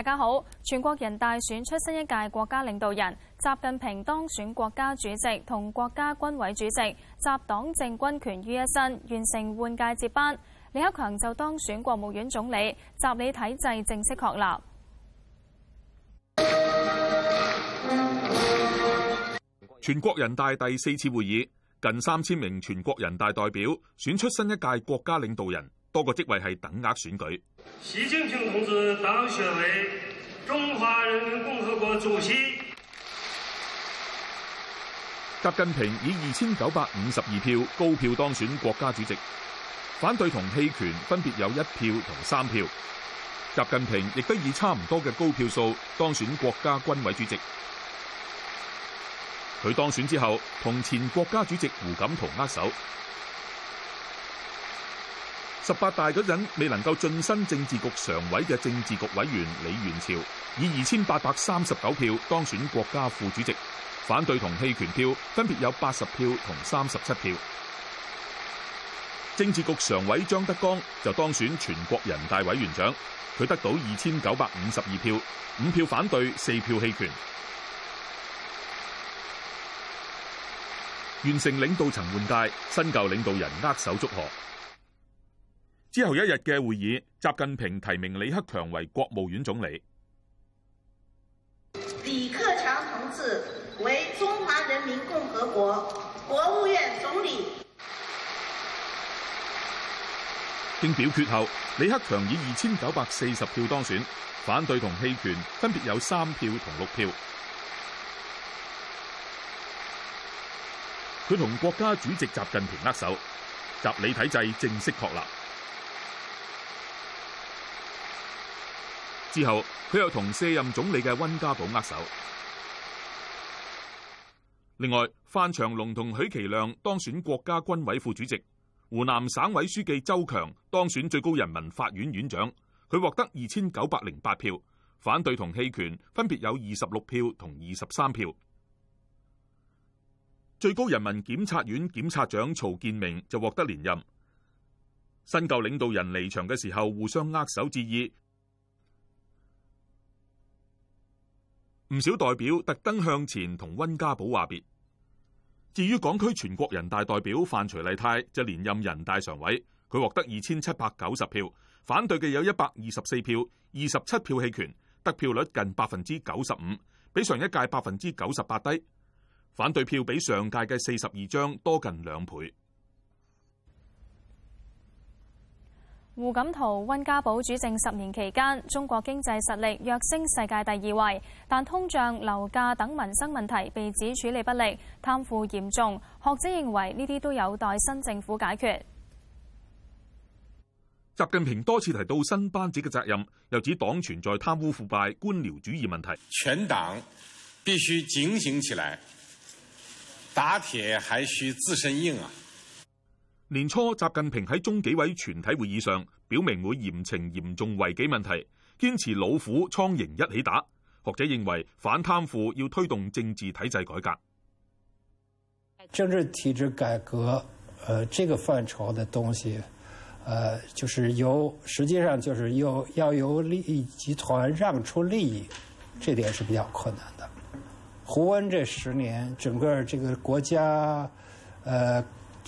大家好！全國人大選出新一屆國家領導人，習近平當選國家主席同國家軍委主席，集黨政軍權於一身，完成換屆接班。李克強就當選國務院總理，習李體制正式確立。全國人大第四次會議，近三千名全國人大代表選出新一屆國家領導人。多個職位係等額選舉。習近平同志當選為中華人民共和國主席。習近平以二千九百五十二票高票當選國家主席，反對同棄權分別有一票同三票。習近平亦都以差唔多嘅高票數當選國家軍委主席。佢當選之後，同前國家主席胡錦濤握手。十八大嗰陣未能夠晉身政治局常委嘅政治局委員李源潮以二千八百三十九票當選國家副主席，反對同棄權票分別有八十票同三十七票。政治局常委張德江就當選全國人大委員長，佢得到二千九百五十二票，五票反對，四票棄權，完成領導層換屆，新舊領導人握手祝賀。之後一日嘅會議，習近平提名李克強為國務院總理。李克強同志為中華人民共和國國務院總理。經表決後，李克強以二千九百四十票當選，反對同棄權分別有三票同六票。佢同國家主席習近平握手，習李體制正式確立。之後，佢又同卸任總理嘅温家寶握手。另外，范長龍同許其亮當選國家軍委副主席，湖南省委書記周強當選最高人民法院院長，佢獲得二千九百零八票，反對同棄權分別有二十六票同二十三票。最高人民檢察院檢察長曹建明就獲得連任。新舊領導人離場嘅時候，互相握手致意。唔少代表特登向前同温家寶話別。至於港區全國人大代表范徐麗泰就連任人大常委，佢獲得二千七百九十票，反對嘅有一百二十四票，二十七票棄權，得票率近百分之九十五，比上一屆百分之九十八低，反對票比上屆嘅四十二張多近兩倍。胡錦濤、温家寶主政十年期間，中國經濟實力躍升世界第二位，但通脹、樓價等民生問題被指處理不力，貪腐嚴重。學者認為呢啲都有待新政府解決。習近平多次提到新班子嘅責任，又指黨存在貪污腐敗、官僚主義問題。全黨必須警醒起來，打鐵還需自身硬啊！年初，習近平喺中紀委全體會議上表明會嚴懲嚴重違紀問題，堅持老虎蒼蠅一起打。學者認為反貪腐要推動政治體制改革。政治體制改革，呃，這個範疇的東西，呃，就是由實際上就是由要由利益集團讓出利益，這點是比較困難的。胡溫這十年，整個這個國家，呃。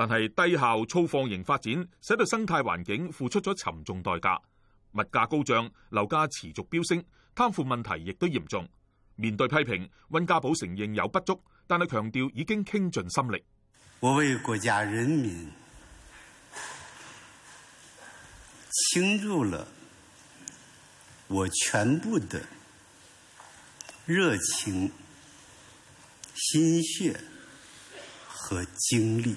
但係低效、粗放型發展，使到生態環境付出咗沉重代價，物價高漲，樓價持續飆升，貪腐問題亦都嚴重。面對批評，温家寶承認有不足，但係強調已經傾盡心力。我為國家人民傾注了我全部的熱情、心血和精力。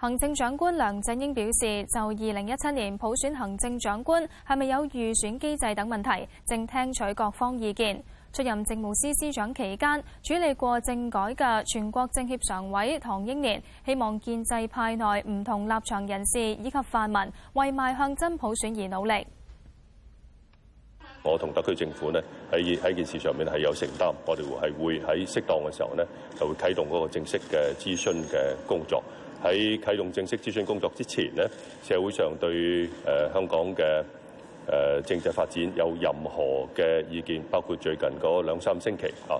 行政長官梁振英表示，就二零一七年普選行政長官係咪有預選機制等問題，正聽取各方意見。出任政務司司長期間，處理過政改嘅全國政協常委唐英年希望建制派內唔同立場人士以及泛民為邁向真普選而努力。我同特區政府呢，喺喺件事上面係有承擔，我哋會係會喺適當嘅時候呢，就會啟動嗰個正式嘅諮詢嘅工作。喺啟動正式諮詢工作之前呢，社會上對誒香港嘅誒政制發展有任何嘅意見，包括最近嗰兩三星期啊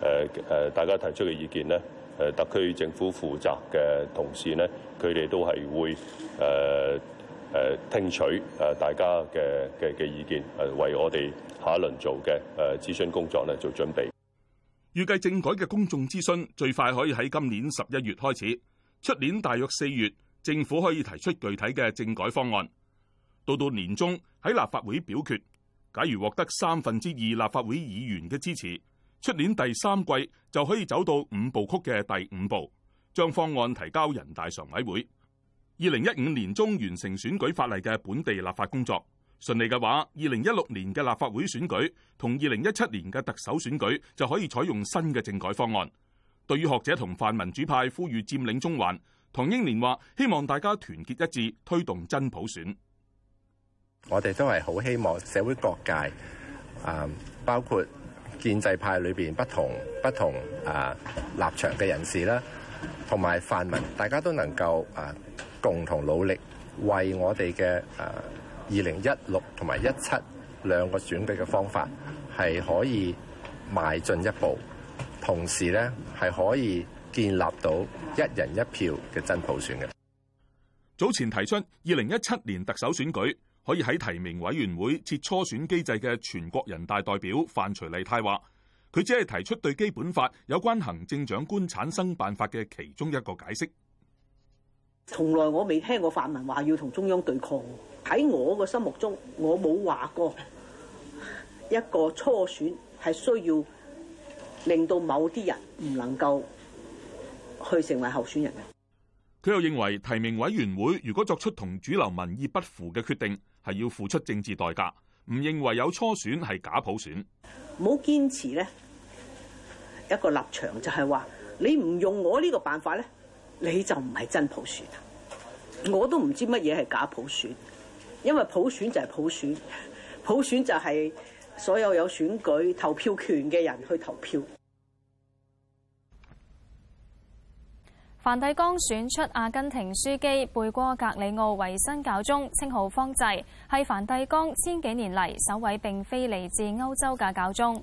誒誒大家提出嘅意見呢，誒特區政府負責嘅同事呢，佢哋都係會誒誒聽取誒大家嘅嘅嘅意見，為我哋下一輪做嘅誒諮詢工作咧做準備。預計政改嘅公眾諮詢最快可以喺今年十一月開始。出年大約四月，政府可以提出具體嘅政改方案。到到年中喺立法會表決，假如獲得三分之二立法會議員嘅支持，出年第三季就可以走到五步曲嘅第五步，將方案提交人大常委會。二零一五年中完成選舉法例嘅本地立法工作，順利嘅話，二零一六年嘅立法會選舉同二零一七年嘅特首選舉就可以採用新嘅政改方案。對於學者同泛民主派呼籲佔領中環，唐英年話：希望大家團結一致，推動真普選。我哋都係好希望社會各界啊，包括建制派裏邊不同不同啊立場嘅人士啦，同埋泛民，大家都能夠啊共同努力，為我哋嘅啊二零一六同埋一七兩個選舉嘅方法係可以邁進一步。同時咧，係可以建立到一人一票嘅真普選嘅。早前提出二零一七年特首選舉可以喺提名委員會設初選機制嘅全國人大代表范徐麗泰話，佢只係提出對基本法有關行政長官產生辦法嘅其中一個解釋。從來我未聽過泛民話要同中央對抗。喺我嘅心目中，我冇話過一個初選係需要。令到某啲人唔能夠去成為候選人嘅。佢又認為提名委員會如果作出同主流民意不符嘅決定，係要付出政治代價。唔認為有初選係假普選。唔好堅持呢一個立場，就係話你唔用我呢個辦法呢，你就唔係真普選。我都唔知乜嘢係假普選，因為普選就係普選，普選就係所有有選舉投票權嘅人去投票。梵蒂岡選出阿根廷樞機貝哥·格里奧為新教宗，稱號方濟，係梵蒂岡千幾年嚟首位並非嚟自歐洲嘅教宗。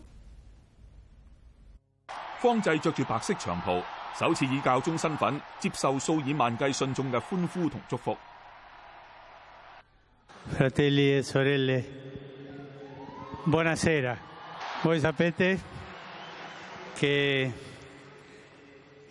方濟着住白色長袍，首次以教宗身份接受數以萬計信眾嘅歡呼同祝福。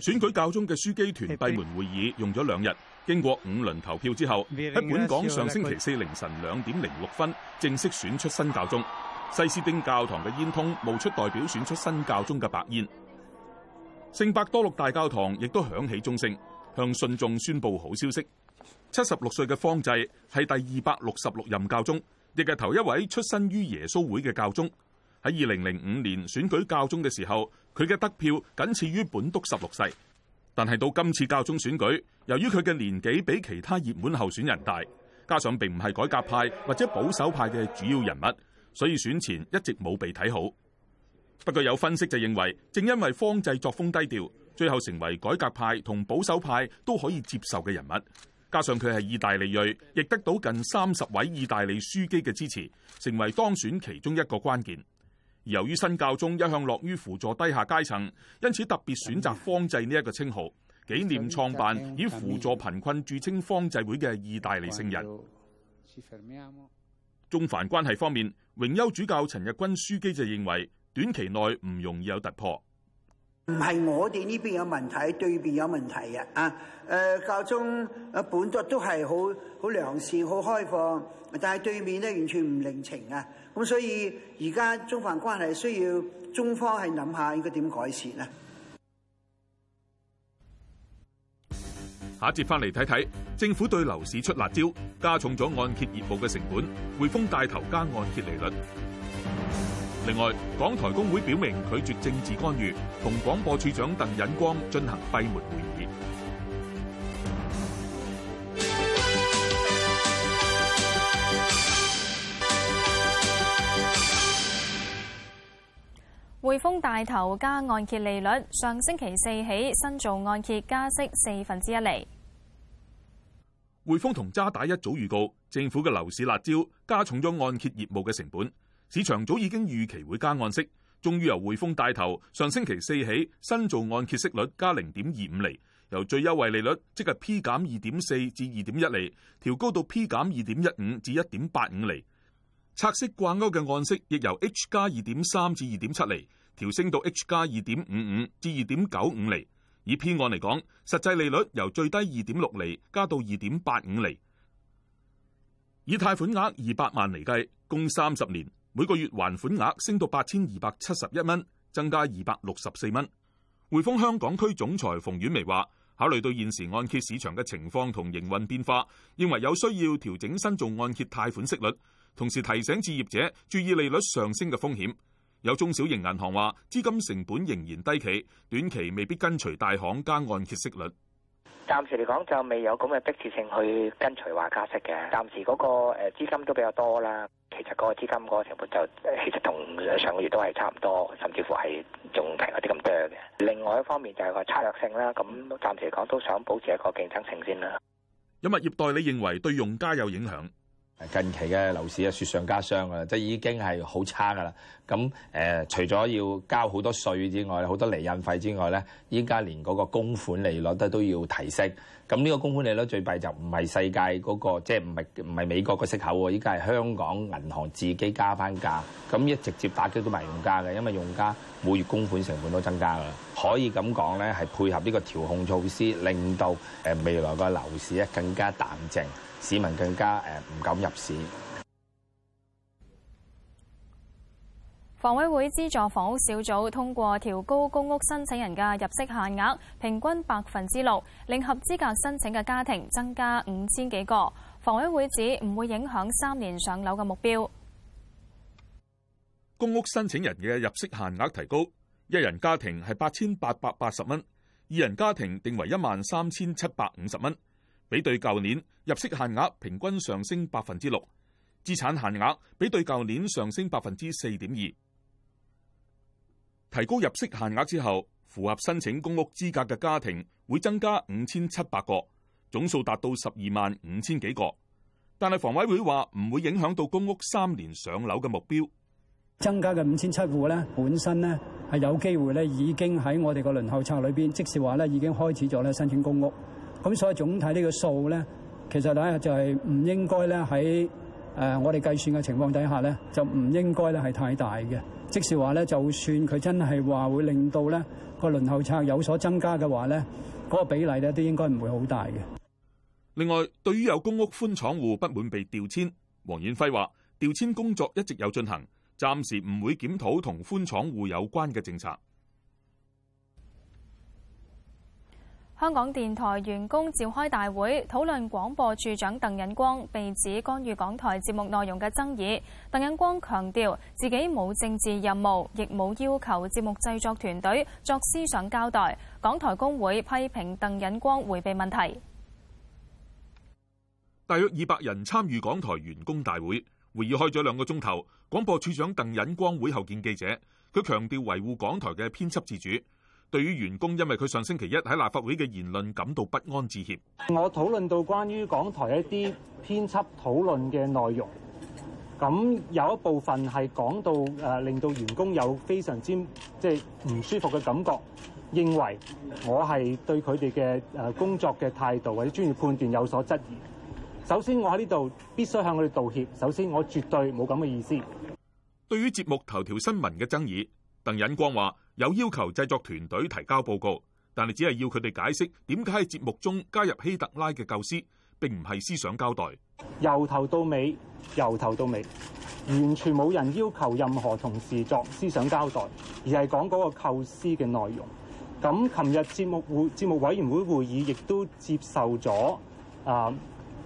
選舉教宗嘅樞機團閉門會議用咗兩日，經過五輪投票之後，喺本港上星期四凌晨兩點零六分，正式選出新教宗。西斯丁教堂嘅煙通冒出代表選出新教宗嘅白煙。聖伯多禄大教堂亦都響起鐘聲，向信眾宣布好消息。七十六歲嘅方濟係第二百六十六任教宗，亦係頭一位出身於耶穌會嘅教宗。喺二零零五年選舉教宗嘅時候，佢嘅得票僅次於本督十六世。但係到今次教宗選舉，由於佢嘅年紀比其他熱門候選人大，加上並唔係改革派或者保守派嘅主要人物，所以選前一直冇被睇好。不過有分析就認為，正因為方濟作風低調，最後成為改革派同保守派都可以接受嘅人物。加上佢係意大利裔，亦得到近三十位意大利樞機嘅支持，成為當選其中一個關鍵。由於新教宗一向樂於輔助低下階層，因此特別選擇方濟呢一個稱號，紀念創辦以輔助貧困著稱方濟會嘅意大利聖人。中梵關係方面，榮休主教陳日君樞機就認為，短期內唔容易有突破。唔係我哋呢邊有問題，對面有問題啊？誒、呃，教宗啊，本篤都係好好良善、好開放，但係對面咧完全唔領情啊！咁所以而家中梵關係需要中方係諗下應該點改善咧？下一節翻嚟睇睇，政府對樓市出辣招，加重咗按揭業務嘅成本。滙豐帶頭加按揭利率。另外，港台工會表明拒絕政治干預同廣播處長鄧忍光進行閉門會議。滙豐帶頭加按揭利率，上星期四起新造按揭加息四分之一厘。滙豐同渣打一早預告政府嘅樓市辣招加重咗按揭業務嘅成本。市場早已經預期會加按息，終於由滙豐帶頭，上星期四起新造按揭息率加零點二五厘，由最優惠利率即係 P 減二點四至二點一厘，調高到 P 減二點一五至一點八五厘。拆息掛鈎嘅按息亦由 H 加二點三至二點七厘，調升到 H 加二點五五至二點九五釐，以 P 按嚟講，實際利率由最低二點六釐加到二點八五釐。以貸款額二百萬嚟計，供三十年，每個月還款額升到八千二百七十一蚊，增加二百六十四蚊。匯豐香港區總裁馮婉薇話：考慮到現時按揭市場嘅情況同營運變化，認為有需要調整新造按揭貸款息率，同時提醒置業者注意利率上升嘅風險。有中小型銀行話，資金成本仍然低企，短期未必跟隨大行加按揭息率。暫時嚟講就未有咁嘅迫切性去跟隨話加息嘅。暫時嗰個誒資金都比較多啦，其實嗰個資金嗰個成本就其實同上個月都係差唔多，甚至乎係仲平咗啲咁多嘅。另外一方面就係個差弱性啦，咁暫時嚟講都想保持一個競爭性先啦。有物業代理認為對用家有影響。近期嘅樓市啊，雪上加霜噶啦，即係已經係好差噶啦。咁誒、呃，除咗要交好多稅之外，好多釐印費之外咧，依家連嗰個供款利率都都要提升。咁呢個供款利率最弊就唔係世界嗰、那個，即係唔係唔係美國個息口喎，依家係香港銀行自己加返價。咁一直接打擊到埋用家嘅，因為用家每月供款成本都增加啦。可以咁講咧，係配合呢個調控措施，令到誒未來個樓市咧更加淡靜。市民更加誒唔敢入市。房委會資助房屋小組通過調高公屋申請人嘅入息限額，平均百分之六，令合資格申請嘅家庭增加五千幾個，房委會指唔會影響三年上樓嘅目標。公屋申請人嘅入息限額提高，一人家庭係八千八百八十蚊，二人家庭定為一萬三千七百五十蚊。比對舊年入息限額平均上升百分之六，資產限額比對舊年上升百分之四點二。提高入息限額之後，符合申請公屋資格嘅家庭會增加五千七百個，總數達到十二萬五千幾個。但係房委會話唔會影響到公屋三年上樓嘅目標。增加嘅五千七戶咧，本身咧係有機會咧已經喺我哋個輪候冊裏邊，即係話咧已經開始咗咧申請公屋。咁所以總體呢個數咧，其實睇下就係唔應該咧喺誒我哋計算嘅情況底下咧，就唔應該咧係太大嘅。即是話咧，就算佢真係話會令到咧個輪候冊有所增加嘅話咧，嗰個比例咧都應該唔會好大嘅。另外，對於有公屋寬敞戶不滿被調遷，黃遠輝話：調遷工作一直有進行，暫時唔會檢討同寬敞戶有關嘅政策。香港電台員工召開大會討論廣播處長鄧忍光被指干預港台節目內容嘅爭議。鄧忍光強調自己冇政治任務，亦冇要求節目製作團隊作思想交代。港台工會批評鄧忍光回避問題。大約二百人參與港台員工大會，會議開咗兩個鐘頭。廣播處長鄧忍光會後見記者，佢強調維護港台嘅編輯自主。對於員工，因為佢上星期一喺立法會嘅言論感到不安，致歉。我討論到關於港台一啲編輯討論嘅內容，咁有一部分係講到誒令到員工有非常之即係唔舒服嘅感覺，認為我係對佢哋嘅誒工作嘅態度或者專業判斷有所質疑。首先，我喺呢度必須向佢哋道歉。首先，我絕對冇咁嘅意思對於節。對於節目頭條新聞嘅爭議，鄧忍光話。有要求製作團隊提交報告，但係只係要佢哋解釋點解喺節目中加入希特拉嘅構思並唔係思想交代。由頭到尾，由頭到尾，完全冇人要求任何同事作思想交代，而係講嗰個構思嘅內容。咁，琴日節目會節目委員會會會議亦都接受咗啊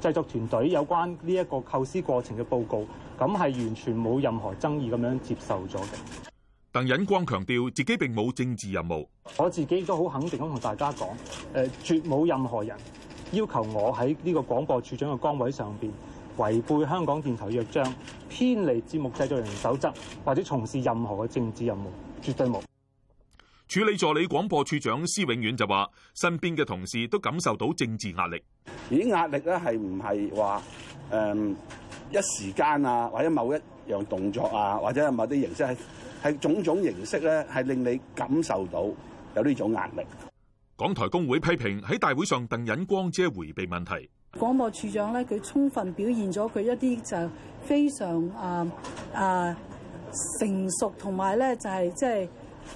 製作團隊有關呢一個構思過程嘅報告，咁係完全冇任何爭議咁樣接受咗嘅。鄧忍光強調自己並冇政治任務，我自己都好肯定咁同大家講，誒、呃，絕冇任何人要求我喺呢個廣播處長嘅崗位上面違背香港電台約章、偏離節目製作人員守則，或者從事任何嘅政治任務，絕對冇。處理助理廣播處長施永遠就話，身邊嘅同事都感受到政治壓力，啲壓力咧係唔係話，嗯、呃。一時間啊，或者某一樣動作啊，或者係某啲形式，係係種種形式咧，係令你感受到有呢種壓力。港台工會批評喺大會上，鄧忍光姐回避問題。廣播處長咧，佢充分表現咗佢一啲就非常啊啊、呃呃、成熟同埋咧，還有就係即係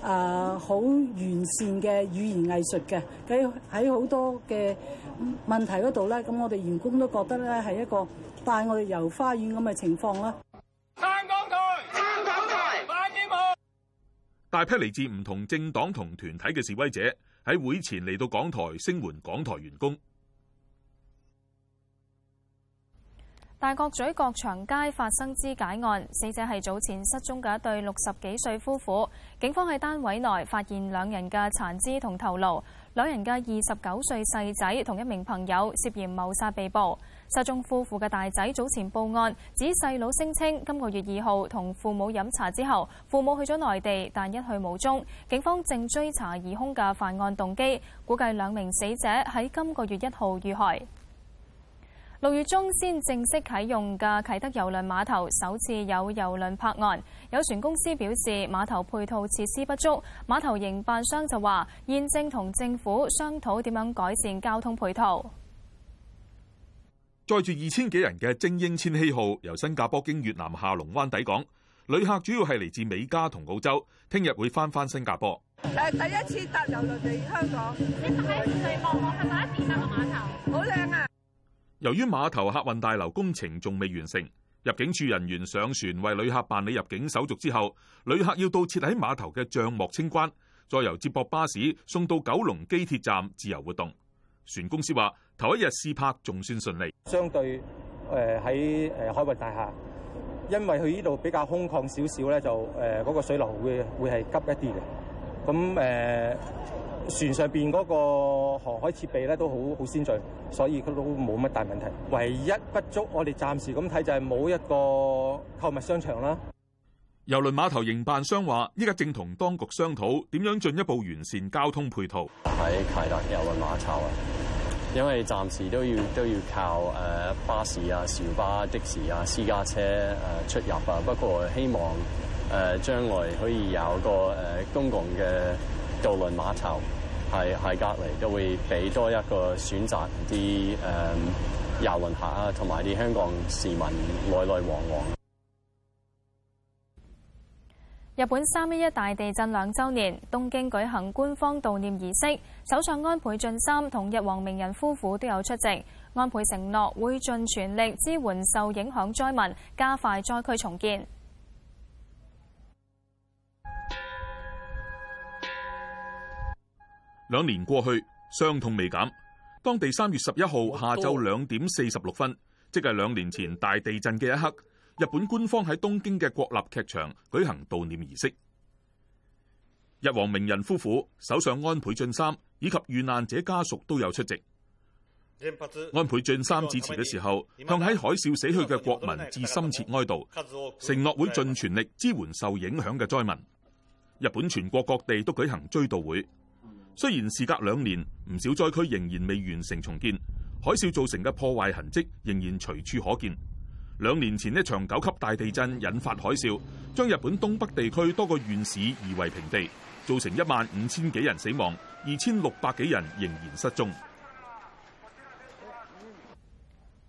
啊好完善嘅語言藝術嘅喺喺好多嘅。問題嗰度咧，咁我哋員工都覺得咧係一個帶我哋遊花園咁嘅情況啦。撐港台，撐警隊，反佔中。大批嚟自唔同政黨同團體嘅示威者喺會前嚟到港台聲援港台員工。大角咀角長街發生肢解案，死者係早前失蹤嘅一對六十幾歲夫婦。警方喺單位內發現兩人嘅殘肢同頭顱，兩人嘅二十九歲細仔同一名朋友涉嫌謀殺被捕。失蹤夫婦嘅大仔早前報案，指細佬聲稱今個月二號同父母飲茶之後，父母去咗內地，但一去無蹤。警方正追查疑凶嘅犯案動機，估計兩名死者喺今個月一號遇害。六月中先正式啟用嘅啟德郵輪碼頭，首次有郵輪泊岸。有船公司表示碼頭配套設施不足，碼頭營辦商就話現正同政府商討點樣改善交通配套。載住二千幾人嘅精英千禧號由新加坡經越南下龍灣抵港，旅客主要係嚟自美加同澳洲，聽日會翻返新加坡。呃。誒，第一次搭郵輪嚟香港，你睇下望望係咪，我係第一次入個碼頭，好靚啊！由於碼頭客運大樓工程仲未完成，入境處人員上船為旅客辦理入境手續之後，旅客要到設喺碼頭嘅帳幕清關，再由接駁巴士送到九龍機鐵站自由活動。船公司話頭一日試泊仲算順利，相對喺海運大廈，因為佢呢度比較空曠少少咧，就誒嗰個水流會會係急一啲嘅，咁誒。船上邊嗰個航海設備咧都好好先進，所以佢都冇乜大問題，唯一不足，我哋暫時咁睇就係冇一個購物商場啦。郵輪碼頭營辦商話依家正同當局商討點樣進一步完善交通配套。喺啟德郵輪碼頭啊，因為暫時都要都要靠誒、呃、巴士啊、小巴、的士啊、私家車誒、呃、出入啊。不過希望誒將、呃、來可以有個誒、呃、公共嘅。渡輪碼頭係係隔離，都會俾多一個選擇，啲誒、嗯、郵輪客同埋啲香港市民來來往往。日本三一一大地震兩週年，東京舉行官方悼念儀式，首相安倍晉三同日皇明仁夫婦都有出席。安倍承諾會盡全力支援受影響災民，加快災區重建。兩年過去，傷痛未減。當地三月十一號下晝兩點四十六分，即係兩年前大地震嘅一刻，日本官方喺東京嘅國立劇場舉行悼念儀式。日皇明仁夫婦、首相安倍晉三以及遇難者家屬都有出席。安倍晉三致辭嘅時候，向喺海嘯死去嘅國民致深切哀悼多，承諾會盡全力支援受影響嘅災民。日本全國各地都舉行追悼會。雖然事隔兩年，唔少災區仍然未完成重建，海嘯造成嘅破壞痕迹仍然隨處可見。兩年前呢場九級大地震引發海嘯，將日本東北地區多個縣市夷為平地，造成一萬五千幾人死亡，二千六百幾人仍然失蹤。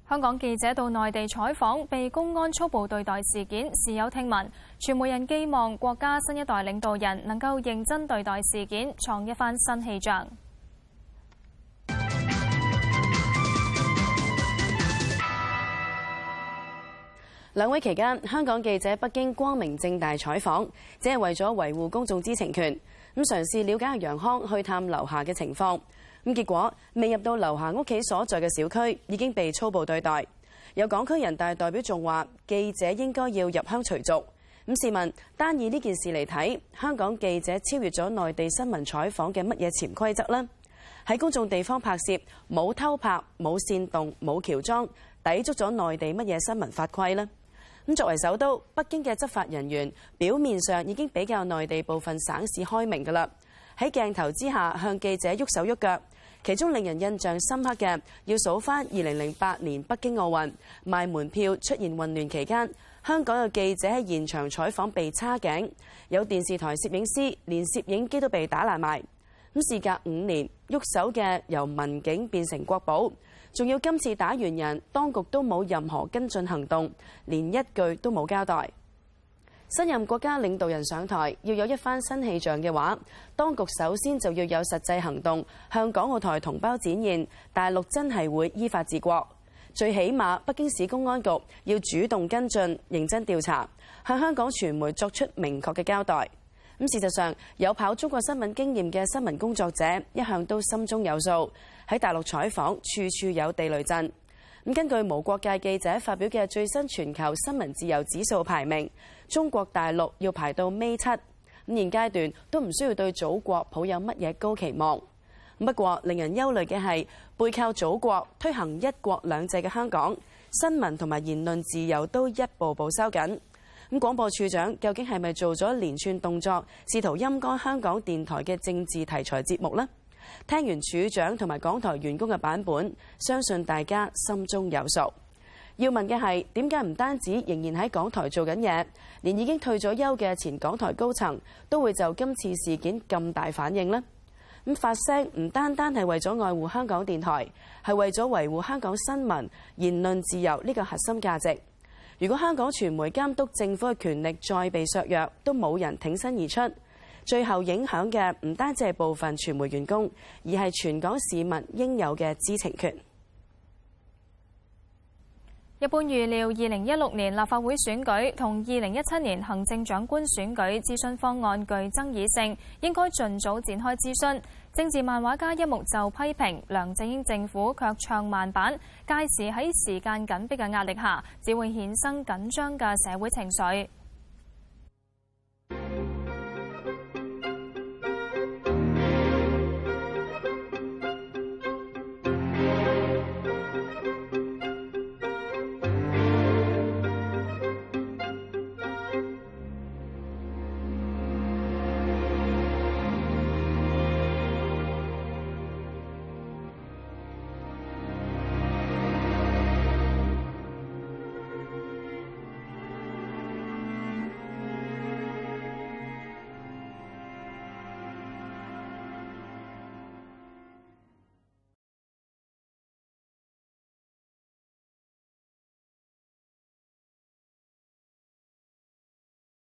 香港記者到內地採訪被公安粗暴對待事件，時有聽聞。傳媒人希望國家新一代領導人能夠認真對待事件，創一番新氣象。兩會期間，香港記者北京光明正大採訪，只係為咗維護公眾知情權，咁嘗試了解下楊康去探樓下嘅情況。咁結果未入到樓下屋企所在嘅小區，已經被粗暴對待。有港區人大代表仲話：記者應該要入鄉隨俗。咁市民單以呢件事嚟睇，香港記者超越咗內地新聞採訪嘅乜嘢潛規則呢？喺公眾地方拍攝，冇偷拍，冇煽動，冇喬裝，抵觸咗內地乜嘢新聞法規咧？咁作為首都北京嘅執法人員，表面上已經比較內地部分省市開明噶啦。喺鏡頭之下向記者喐手喐腳。其中令人印象深刻嘅，要數翻二零零八年北京奧運賣門票出現混亂期間，香港有記者喺現場採訪被叉頸，有電視台攝影師連攝影機都被打爛埋。咁事隔五年，喐手嘅由民警變成國保，仲要今次打完人，當局都冇任何跟進行動，連一句都冇交代。新任國家領導人上台要有一番新氣象嘅話，當局首先就要有實際行動，向港澳台同胞展現大陸真係會依法治國。最起碼，北京市公安局要主動跟進，認真調查，向香港傳媒作出明確嘅交代。咁事實上，有跑中國新聞經驗嘅新聞工作者一向都心中有數，喺大陸採訪，處處有地雷陣。咁根據無國界記者發表嘅最新全球新聞自由指數排名。中國大陸要排到尾七，咁現階段都唔需要對祖國抱有乜嘢高期望。不過令人憂慮嘅係背靠祖國推行一國兩制嘅香港，新聞同埋言論自由都一步步收緊。咁廣播處長究竟係咪做咗連串動作，試圖陰乾香港電台嘅政治題材節目呢？聽完處長同埋港台員工嘅版本，相信大家心中有數。要問嘅係點解唔單止仍然喺港台做緊嘢，連已經退咗休嘅前港台高層都會就今次事件咁大反應呢？咁發聲唔單單係為咗愛護香港電台，係為咗維護香港新聞言論自由呢個核心價值。如果香港傳媒監督政府嘅權力再被削弱，都冇人挺身而出，最後影響嘅唔單止係部分傳媒員工，而係全港市民應有嘅知情權。一般預料，二零一六年立法會選舉同二零一七年行政長官選舉諮詢方案具爭議性，應該盡早展開諮詢。政治漫畫家一目就批評梁振英政府卻唱慢板，屆時喺時間緊迫嘅壓力下，只會衍生緊張嘅社會情緒。